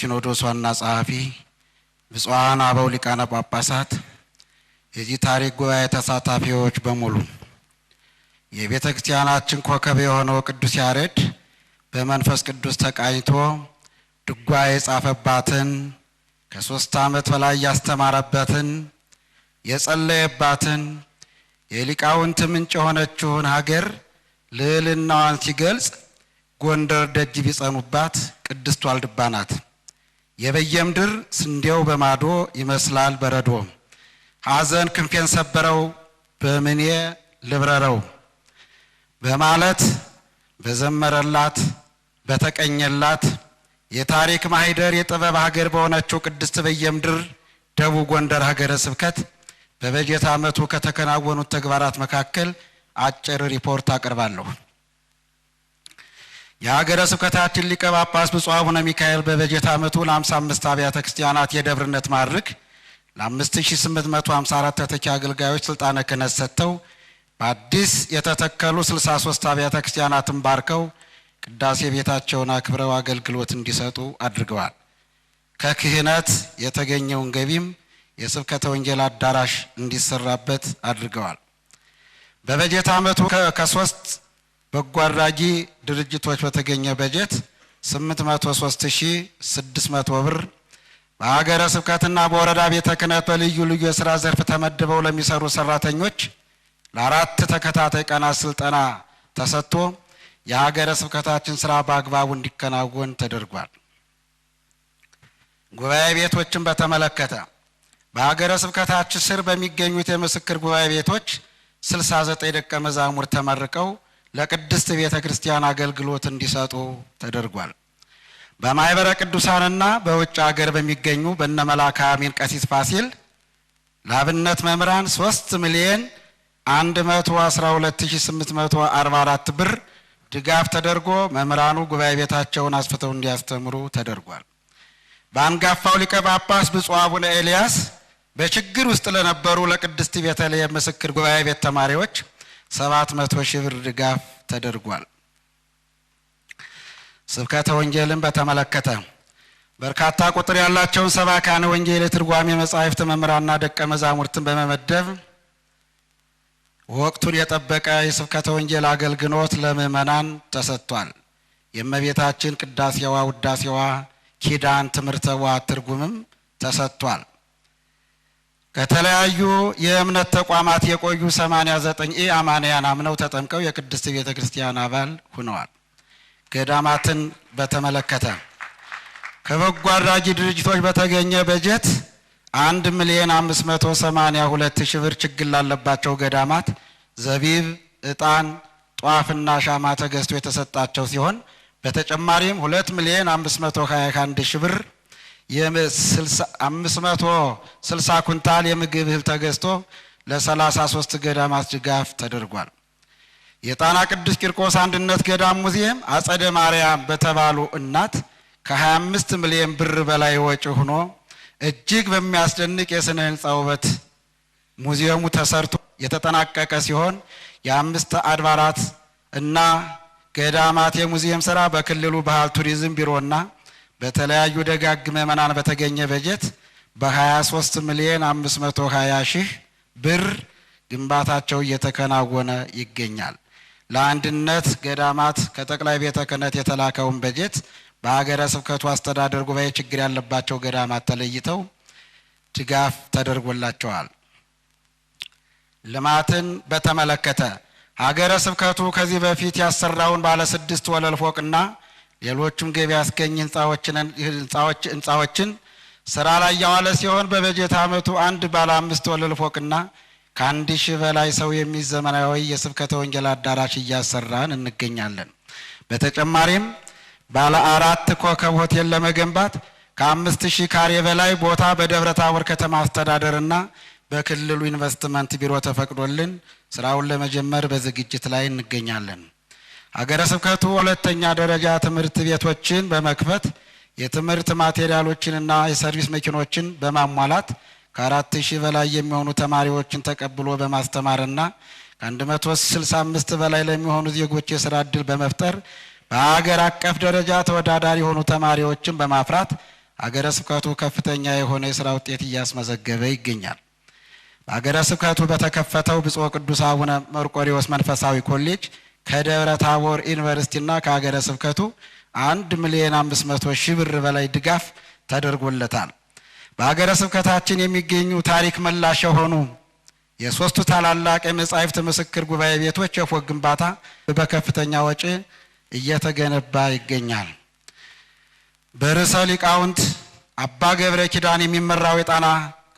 ሲኖዶስ ዋና ጸሐፊ፣ ብፁዓን አበው ሊቃነ ጳጳሳት፣ የዚህ ታሪክ ጉባኤ ተሳታፊዎች በሙሉ የቤተ ክርስቲያናችን ኮከብ የሆነው ቅዱስ ያሬድ በመንፈስ ቅዱስ ተቃኝቶ ድጓ የጻፈባትን ከሶስት ዓመት በላይ ያስተማረበትን የጸለየባትን የሊቃውንት ምንጭ የሆነችውን ሀገር ልዕልናዋን ሲገልጽ ጎንደር ደጅ ቢጸኑባት ቅድስት ዋልድባ ናት። የበየምድር ስንዴው በማዶ ይመስላል በረዶ። ሐዘን ክንፌን ሰበረው በምኔ ልብረረው በማለት በዘመረላት በተቀኘላት የታሪክ ማህደር የጥበብ ሀገር በሆነችው ቅድስት በየምድር ደቡብ ጎንደር ሀገረ ስብከት በበጀት ዓመቱ ከተከናወኑት ተግባራት መካከል አጭር ሪፖርት አቀርባለሁ። የሀገረ ስብከታችን ሊቀ ጳጳስ ብፁዕ አቡነ ሚካኤል በበጀት ዓመቱ ለ55 አብያተ ክርስቲያናት የደብርነት ማዕረግ ለ5854 ተተኪ አገልጋዮች ስልጣነ ክህነት ሰጥተው በአዲስ የተተከሉ 63 አብያተ ክርስቲያናትን ባርከው ቅዳሴ ቤታቸውን አክብረው አገልግሎት እንዲሰጡ አድርገዋል። ከክህነት የተገኘውን ገቢም የስብከተ ወንጌል አዳራሽ እንዲሰራበት አድርገዋል። በበጀት ዓመቱ ከሶስት በጎ አድራጊ ድርጅቶች በተገኘ በጀት 803600 ብር በሀገረ ስብከትና በወረዳ ቤተ ክህነት በልዩ ልዩ የስራ ዘርፍ ተመድበው ለሚሰሩ ሰራተኞች ለአራት ተከታታይ ቀናት ስልጠና ተሰጥቶ የሀገረ ስብከታችን ስራ በአግባቡ እንዲከናወን ተደርጓል። ጉባኤ ቤቶችን በተመለከተ በሀገረ ስብከታችን ስር በሚገኙት የምስክር ጉባኤ ቤቶች 69 ደቀ መዛሙር ተመርቀው ለቅድስት ቤተ ክርስቲያን አገልግሎት እንዲሰጡ ተደርጓል። በማኅበረ ቅዱሳንና በውጭ አገር በሚገኙ በነ መልአከ አሚን ቀሲስ ፋሲል ለአብነት መምህራን 3 ሚሊዮን 112844 ብር ድጋፍ ተደርጎ መምህራኑ ጉባኤ ቤታቸውን አስፍተው እንዲያስተምሩ ተደርጓል። በአንጋፋው ሊቀ ጳጳስ ብፁዕ አቡነ ኤልያስ በችግር ውስጥ ለነበሩ ለቅድስት ቤተልሔም ምስክር ጉባኤ ቤት ተማሪዎች ሰባት መቶ ሺህ ብር ድጋፍ ተደርጓል። ስብከተ ወንጌልን በተመለከተ በርካታ ቁጥር ያላቸውን ሰባካነ ወንጌል የትርጓሜ መጻሕፍት መምህራንና ደቀ መዛሙርትን በመመደብ ወቅቱን የጠበቀ የስብከተ ወንጌል አገልግሎት ለምዕመናን ተሰጥቷል። የእመቤታችን ቅዳሴዋ፣ ውዳሴዋ፣ ኪዳን ትምህርተዋ ትርጉምም ተሰጥቷል። ከተለያዩ የእምነት ተቋማት የቆዩ 89 ኤ አማንያን አምነው ተጠምቀው የቅድስት ቤተ ክርስቲያን አባል ሁነዋል። ገዳማትን በተመለከተ ከበጎ አድራጊ ድርጅቶች በተገኘ በጀት 1 ሚሊዮን 582 ሺህ ብር ችግር ላለባቸው ገዳማት ዘቢብ፣ ዕጣን፣ ጧፍና ሻማ ተገዝቶ የተሰጣቸው ሲሆን በተጨማሪም 2 ሚሊዮን 521 ሺህ ብር አምስት መቶ ስልሳ ኩንታል የምግብ እህል ተገዝቶ ለሰላሳ ሶስት ገዳማት ድጋፍ ተደርጓል። የጣና ቅዱስ ቂርቆስ አንድነት ገዳም ሙዚየም አጸደ ማርያም በተባሉ እናት ከ25 ሚሊዮን ብር በላይ ወጪ ሆኖ እጅግ በሚያስደንቅ የሥነ ሕንፃ ውበት ሙዚየሙ ተሰርቶ የተጠናቀቀ ሲሆን የአምስት አድባራት እና ገዳማት የሙዚየም ስራ በክልሉ ባህል ቱሪዝም ቢሮና በተለያዩ ደጋግ ምዕመናን በተገኘ በጀት በ23 ሚሊዮን 520 ሺህ ብር ግንባታቸው እየተከናወነ ይገኛል። ለአንድነት ገዳማት ከጠቅላይ ቤተ ክህነት የተላከውን በጀት በሀገረ ስብከቱ አስተዳደር ጉባኤ ችግር ያለባቸው ገዳማት ተለይተው ድጋፍ ተደርጎላቸዋል። ልማትን በተመለከተ ሀገረ ስብከቱ ከዚህ በፊት ያሰራውን ባለ ስድስት ወለል ፎቅና ሌሎቹም ገቢ ያስገኝ ህንፃዎችን ስራ ላይ እያዋለ ሲሆን በበጀት ዓመቱ አንድ ባለ አምስት ወለል ፎቅና ከአንድ ሺህ በላይ ሰው የሚይዝ ዘመናዊ የስብከተ ወንጌል አዳራሽ እያሰራን እንገኛለን። በተጨማሪም ባለ አራት ኮከብ ሆቴል ለመገንባት ከአምስት ሺህ ካሬ በላይ ቦታ በደብረ ታቦር ከተማ አስተዳደርና በክልሉ ኢንቨስትመንት ቢሮ ተፈቅዶልን ስራውን ለመጀመር በዝግጅት ላይ እንገኛለን። አገረ ስብከቱ ሁለተኛ ደረጃ ትምህርት ቤቶችን በመክፈት የትምህርት ማቴሪያሎችንና የሰርቪስ መኪኖችን በማሟላት ከአራት ሺህ በላይ የሚሆኑ ተማሪዎችን ተቀብሎ በማስተማርና ከ165 በላይ ለሚሆኑ ዜጎች የስራ ዕድል በመፍጠር በሀገር አቀፍ ደረጃ ተወዳዳሪ የሆኑ ተማሪዎችን በማፍራት አገረ ስብከቱ ከፍተኛ የሆነ የስራ ውጤት እያስመዘገበ ይገኛል። በአገረ ስብከቱ በተከፈተው ብፁዕ ቅዱስ አቡነ መርቆሪዎስ መንፈሳዊ ኮሌጅ ከደብረ ታቦር ዩኒቨርሲቲና ከሀገረ ስብከቱ አንድ ሚሊዮን አምስት መቶ ሺህ ብር በላይ ድጋፍ ተደርጎለታል። በሀገረ ስብከታችን የሚገኙ ታሪክ መላሽ የሆኑ የሶስቱ ታላላቅ የመጻሕፍት ምስክር ጉባኤ ቤቶች የፎቅ ግንባታ በከፍተኛ ወጪ እየተገነባ ይገኛል። በርዕሰ ሊቃውንት አባ ገብረ ኪዳን የሚመራው የጣና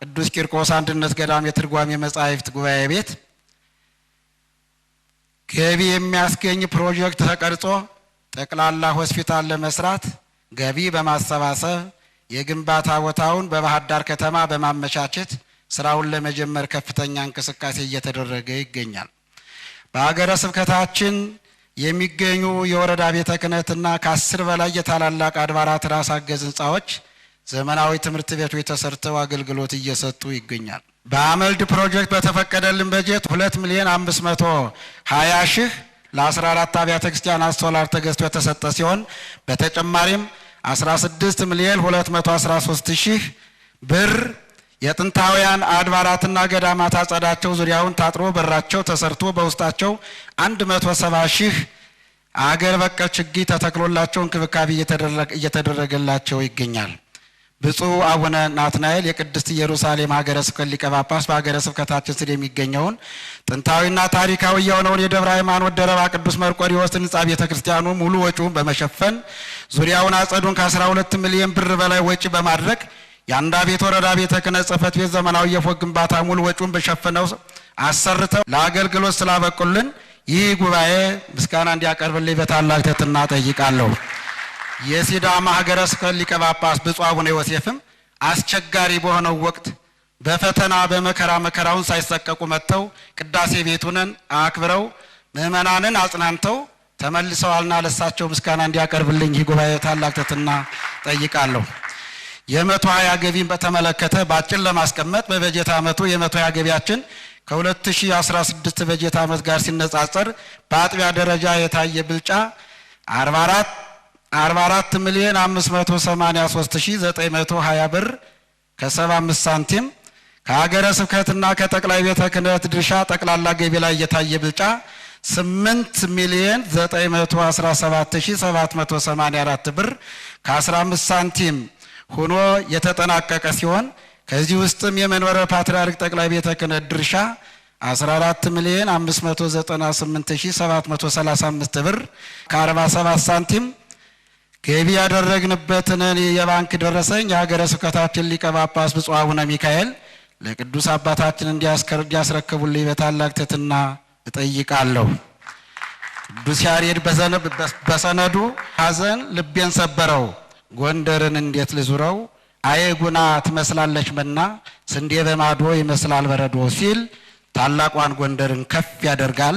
ቅዱስ ቂርቆስ አንድነት ገዳም የትርጓሜ መጻሕፍት ጉባኤ ቤት ገቢ የሚያስገኝ ፕሮጀክት ተቀርጾ ጠቅላላ ሆስፒታል ለመስራት ገቢ በማሰባሰብ የግንባታ ቦታውን በባህር ዳር ከተማ በማመቻቸት ስራውን ለመጀመር ከፍተኛ እንቅስቃሴ እየተደረገ ይገኛል። በሀገረ ስብከታችን የሚገኙ የወረዳ ቤተ ክህነትና ከአስር በላይ የታላላቅ አድባራት ራስ አገዝ ህንፃዎች ዘመናዊ ትምህርት ቤቶች ተሰርተው አገልግሎት እየሰጡ ይገኛል። በአመልድ ፕሮጀክት በተፈቀደልን በጀት ሁለት ሚሊዮን አምስት መቶ ሀያ ሺህ ለአስራ አራት አብያተ ክርስቲያናት ሶላር ተገዝቶ የተሰጠ ሲሆን በተጨማሪም አስራ ስድስት ሚሊዮን ሁለት መቶ አስራ ሶስት ሺህ ብር የጥንታውያን አድባራትና ገዳማት አጸዳቸው ዙሪያውን ታጥሮ በራቸው ተሰርቶ በውስጣቸው አንድ መቶ ሰባ ሺህ አገር በቀል ችግኝ ተተክሎላቸው እንክብካቤ እየተደረገላቸው ይገኛል። ብፁዕ አቡነ ናትናኤል የቅድስት ኢየሩሳሌም ሀገረ ስብከት ሊቀ ጳጳስ በሀገረ ስብከታችን ስር የሚገኘውን ጥንታዊና ታሪካዊ የሆነውን የደብረ ሃይማኖት ደረባ ቅዱስ መርቆሪዎስ ሕንፃ ቤተ ክርስቲያኑ ሙሉ ወጪውን በመሸፈን ዙሪያውን አጸዱን ከ12 ሚሊዮን ብር በላይ ወጪ በማድረግ የአንዳ ቤት ወረዳ ቤተ ክህነት ጽሕፈት ቤት ዘመናዊ የፎቅ ግንባታ ሙሉ ወጪውን በሸፈነው አሰርተው ለአገልግሎት ስላበቁልን ይህ ጉባኤ ምስጋና እንዲያቀርብልኝ በታላቅ ትሕትና ጠይቃለሁ። የሲዳማ ሀገረ ስብከት ሊቀ ጳጳስ ብፁዕ አቡነ ዮሴፍም አስቸጋሪ በሆነው ወቅት በፈተና በመከራ መከራውን ሳይሰቀቁ መጥተው ቅዳሴ ቤቱንን አክብረው ምእመናንን አጽናንተው ተመልሰዋልና ለሳቸው ምስጋና እንዲያቀርብልኝ ይህ ጉባኤ ታላቅ ትሕትና ጠይቃለሁ። የመቶ ሀያ ገቢን በተመለከተ በአጭር ለማስቀመጥ በበጀት ዓመቱ የመቶ ሀያ ገቢያችን ከ2016 በጀት ዓመት ጋር ሲነጻጸር በአጥቢያ ደረጃ የታየ ብልጫ 44 44 ሚሊዮን 920 ብር ከ75 ሳንቲም ከሀገረ ስብከትና ከጠቅላይ ቤተ ክህነት ድርሻ ጠቅላላ ገቢ ላይ የታየ ብልጫ 8 ሚሊዮን 784 ብር ከ15 ሳንቲም ሆኖ የተጠናቀቀ ሲሆን ከዚህ ውስጥም የመንበረ ፓትርያርክ ጠቅላይ ቤተ ክህነት ድርሻ 14 ሚሊዮን 735 ብር ከ47 ሳንቲም ገቢ ያደረግንበትን የባንክ ደረሰኝ የሀገረ ስብከታችን ሊቀ ጳጳስ ብፁዕ አቡነ ሚካኤል ለቅዱስ አባታችን እንዲያስረክቡልኝ በታላቅ ትሕትና እጠይቃለሁ። ቅዱስ ያሬድ በሰነዱ ሐዘን ልቤን ሰበረው፣ ጎንደርን እንዴት ልዙረው፣ አየ ጉና ትመስላለች መና፣ ስንዴ በማዶ ይመስላል በረዶ ሲል ታላቋን ጎንደርን ከፍ ያደርጋል።